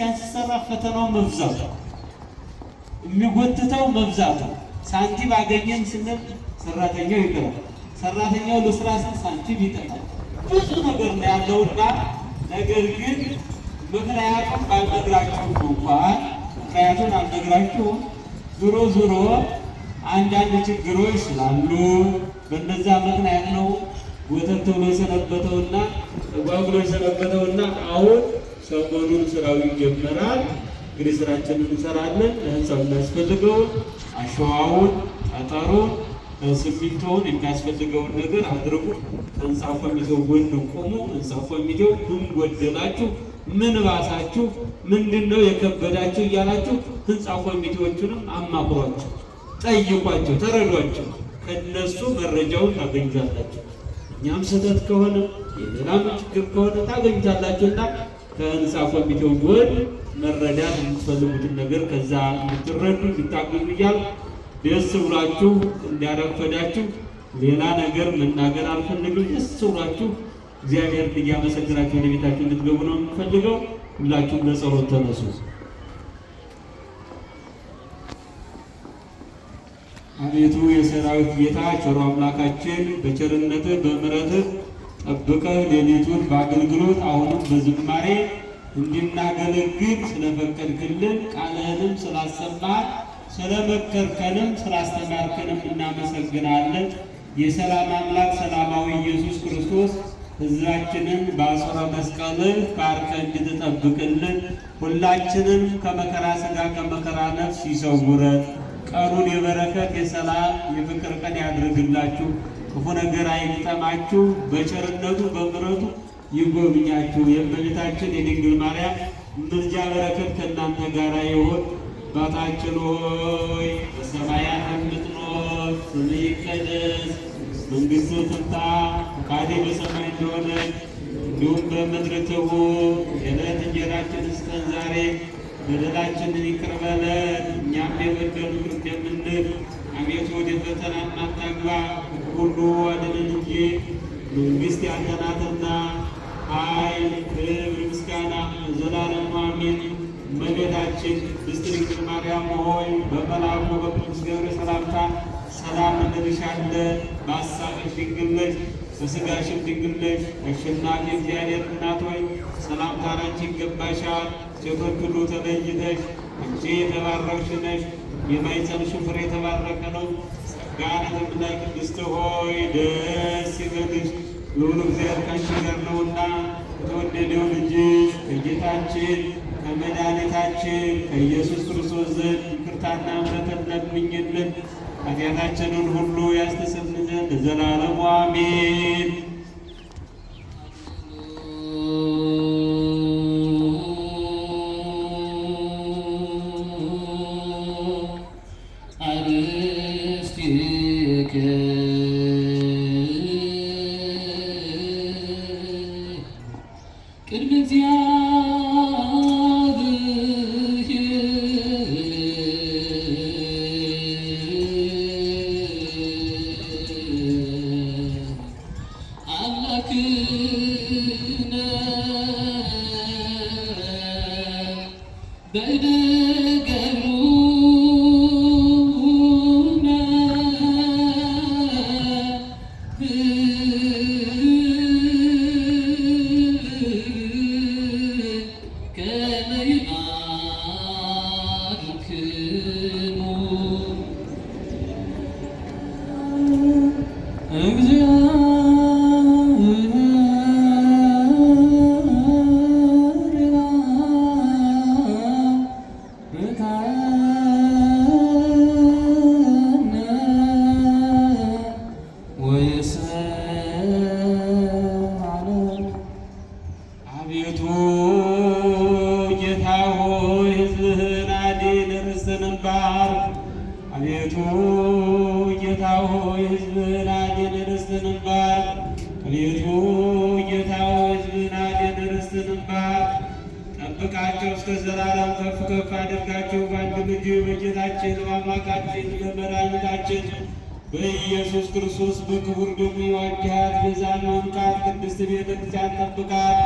ሲያሰራ ፈተናው መብዛቱ የሚጎትተው መብዛቱ ሳንቲም አገኘን ስንል ሰራተኛው ይገባል። ሰራተኛው ለስራ ስል ሳንቲም ይጠጣል። ብዙ ነገር ነው ያለውና ነገር ግን ምክንያቱም ባልነግራችሁ እንኳን ምክንያቱን አልነግራችሁም። ዞሮ ዞሮ አንዳንድ ችግሮች ስላሉ በነዛ ምክንያት ነው ጎተት ተብሎ የሰነበተውና ተጓጉሎ የሰነበተውና አሁን ሰሞኑን ስራው ይጀመራል። እንግዲህ ስራችንን እንሰራለን። ለህንፃው የሚያስፈልገው አሸዋውን፣ ጠጠሩን፣ ስሚንቶውን የሚያስፈልገውን ነገር አድርጉ። ህንፃ ኮሚቴው ጎን ቆሙ። ህንፃ ኮሚቴው ምን ጎደላችሁ፣ ምን ባሳችሁ፣ ምንድን ነው የከበዳችሁ እያላችሁ ህንፃ ኮሚቴዎቹንም አማክሯቸው፣ ጠይቋቸው፣ ተረዷቸው። ከነሱ መረጃውን ታገኝታላቸው። እኛም ስህተት ከሆነ የሌላም ችግር ከሆነ እና ከህንፃ ኮሚቴው ቢሆን መረዳት የምትፈልጉትን ነገር ከዛ እንድትረዱ እንድታገኙ እያል ደስ ብሏችሁ እንዳረፈዳችሁ ሌላ ነገር መናገር አልፈልግም። ደስ ብሏችሁ እግዚአብሔር እያመሰግናችሁ ወደ ቤታችሁ እንድትገቡ ነው የምፈልገው። ሁላችሁም በጸሎት ተነሱ። አቤቱ የሰራዊት ጌታ ቸሮ አምላካችን በቸርነትህ በምሕረትህ ጠብቀህ ሌሊቱን በአገልግሎት አሁንም በዝማሬ እንድናገለግል ስለፈቀድክልን ቃልህንም ስላሰማ ስለመከርከንም ስላስተማርከንም እናመሰግናለን። የሰላም አምላክ ሰላማዊ ኢየሱስ ክርስቶስ ሕዝባችንን በአጽረ መስቀልህ ባርከ እንድትጠብቅልን ሁላችንም ከመከራ ሥጋ ከመከራ ነፍስ ይሰውረን። ቀኑን የበረከት የሰላም የፍቅር ቀን ያድርግላችሁ። ክፉ ነገር አይግጠማችሁ። በቸርነቱ በምረቱ ይጎብኛችሁ። የእመቤታችን የድንግል ማርያም ምልጃ በረከት ከእናንተ ጋር ይሆን። አባታችን ሆይ በሰማያት የምትኖር ስምህ ይቀደስ፣ መንግሥትህ ትምጣ፣ ፈቃድህ በሰማይ እንደሆነች እንዲሁም በምድር ትሁን። የዕለት እንጀራችንን ስጠን ዛሬ በደላችንን ይቅር በለን እኛም የበደሉን እንደምንል። አቤቱ ወደ ፈተና አታግባ ሁሉ አድነን እንጂ መንግሥት ያንተ ናትና፣ ኃይል፣ ክብር፣ ምስጋና ዘላለም አሜን። እመቤታችን ቅድስት ድንግል ማርያም ሆይ በመልአኩ በቅዱስ ገብርኤል ሰላምታ ሰላም እንልሻለን። በሐሳብሽ ድንግል ነሽ፣ በሥጋሽም ድንግል ነሽ። አሸናፊ እግዚአብሔር እናት ሆይ ሰላምታ ላንቺ ይገባሻል። ሴቶች ሁሉ ተለይተሽ አንቺ የተባረክሽ ነሽ፣ የማኅፀንሽ ፍሬ የተባረከ ነው። ጸጋን የተመላሽ ቅድስት ሆይ ደስ ይበልሽ፣ ልዑል እግዚአብሔር ካንቺ ጋር ነውና የተወደደው ልጅሽ ከጌታችን ከመድኃኒታችን ከኢየሱስ ክርስቶስ ዘንድ ይቅርታና ምሕረትን ለምኝልን ኃጢአታችንን ሁሉ ያስተሰርይልን ዘንድ ለዘላለሙ አሜን። Baby ርስትን እምባር ሌቱ ጌታው ሕዝብን አድን ርስትን ጠብቃቸው እስከ ዘላለም ከፍ ከፍ አድርጋቸው በአንድ ልጅ በጌታችን በአምላካችን በመድኃኒታችን በኢየሱስ ክርስቶስ በክቡር ደሙ የዋጃት ቤዛን መንካት ቅድስት ቤተ ክርስቲያን ጠብቃት።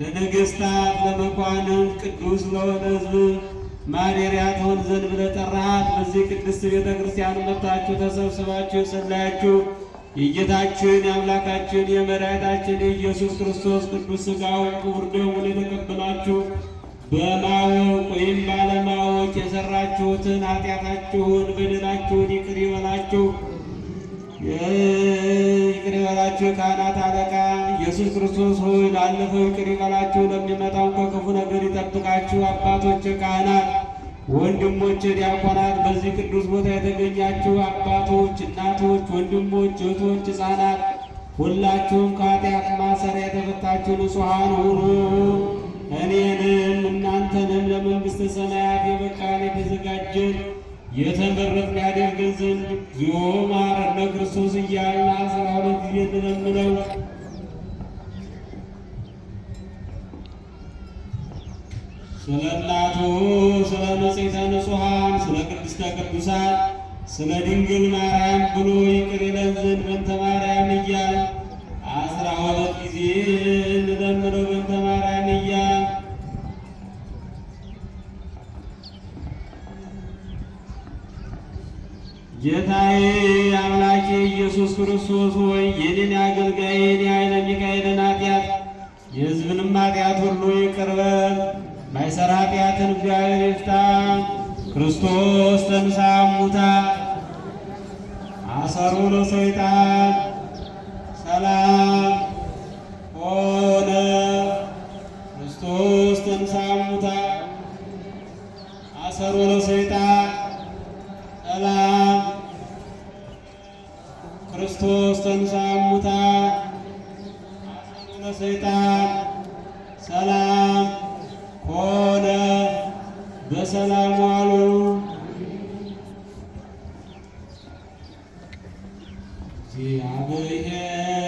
ለነገሥታት ለመኳንንት ቅዱስ ለሆነ ሕዝብ ማደሪያ ትሆን ዘንድ ብለህ ጠራሃት። በዚህ ቅድስት ቤተ ክርስቲያን መጥታችሁ ተሰብስባችሁ የጸለያችሁ የጌታችን የአምላካችን የመድኃኒታችን የኢየሱስ ክርስቶስ ቅዱስ ሥጋውን ክቡር ደሙን የተቀበላችሁ በማወቅ ወይም ባለማወቅ የሰራችሁትን ኃጢአታችሁን በደላችሁን ይቅር ይበላችሁ ይቅር ይበላችሁ። የካህናት አለቃ ኢየሱስ ክርስቶስ ሆይ ላለፈው ይቅር ይበላችሁ፣ ለሚመጣው ከክፉ ነገር ይጠብቃችሁ። አባቶች ካህናት ወንድሞች ዲያቆናት፣ በዚህ ቅዱስ ቦታ የተገኛችሁ አባቶች፣ እናቶች፣ ወንድሞች፣ እህቶች፣ ሕፃናት ሁላችሁም ከኃጢአት ማሰሪያ የተፈታችሁ ንጹሐን ሁኑ። እኔንም እናንተንም ለመንግሥተ ሰማያት የበቃን የተዘጋጀን የተመረጥን ያደርገን ዘንድ እግዚኦ መሐረነ ክርስቶስ እያልን አስራ ሁለት ጊዜ ተለምነው ስለ እናቱ ስለ ንጽሕተ ንጹሐን ስለ ቅድስተ ቅዱሳን ስለ ድንግል ማርያም ብሎ ይቅር ይለን ዘንድ በእንተ ማርያም እያል አስራ ሁለት ጊዜ እንለምነው በእንተ ማርያም እያል ጌታዬ አምላኬ ኢየሱስ ክርስቶስ ማይሰራ ኃጢአትን እግዚአብሔር ይፍታ። ክርስቶስ ተንሥአ እሙታን አሰሮ ለሰይጣን ሰላም ሆነ። ክርስቶስ ተንሥአ እሙታን አሰሮ ለሰይጣን ሰላም ክርስቶስ ተንሥአ እሙታን አሰሮ ለሰይጣን በሰላም ዋሉ። እግዚአብሔር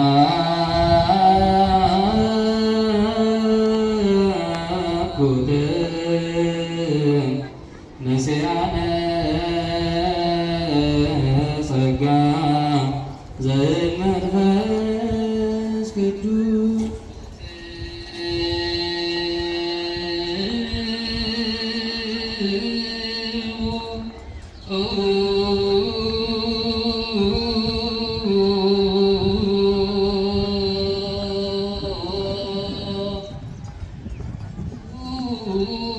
to Ooh.